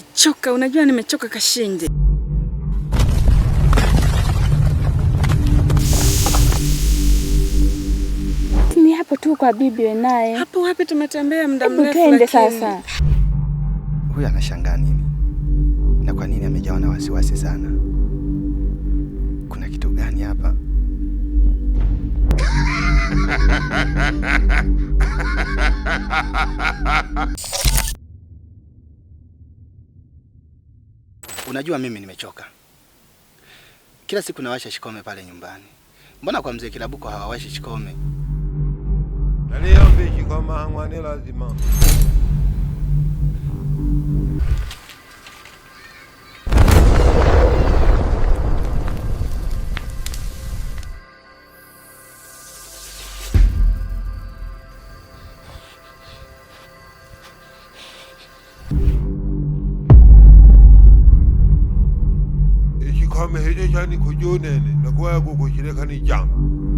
nimechoka, unajua nimechoka Kashindi. Ni hapo tu kwa bibi we naye. Hapo wapi, tumetembea muda mrefu. Twende sasa. Huyu anashangaa nini na kwa nini amejawa na wasiwasi sana? Kuna kitu gani hapa? Unajua mimi nimechoka. Kila siku nawasha shikome pale nyumbani. Mbona kwa mzee Kilabuko hawawashi shikome? Nalio shikoma kwa ni lazima. ikamehejeja nikujunene nakuwayagugushileka ni jangu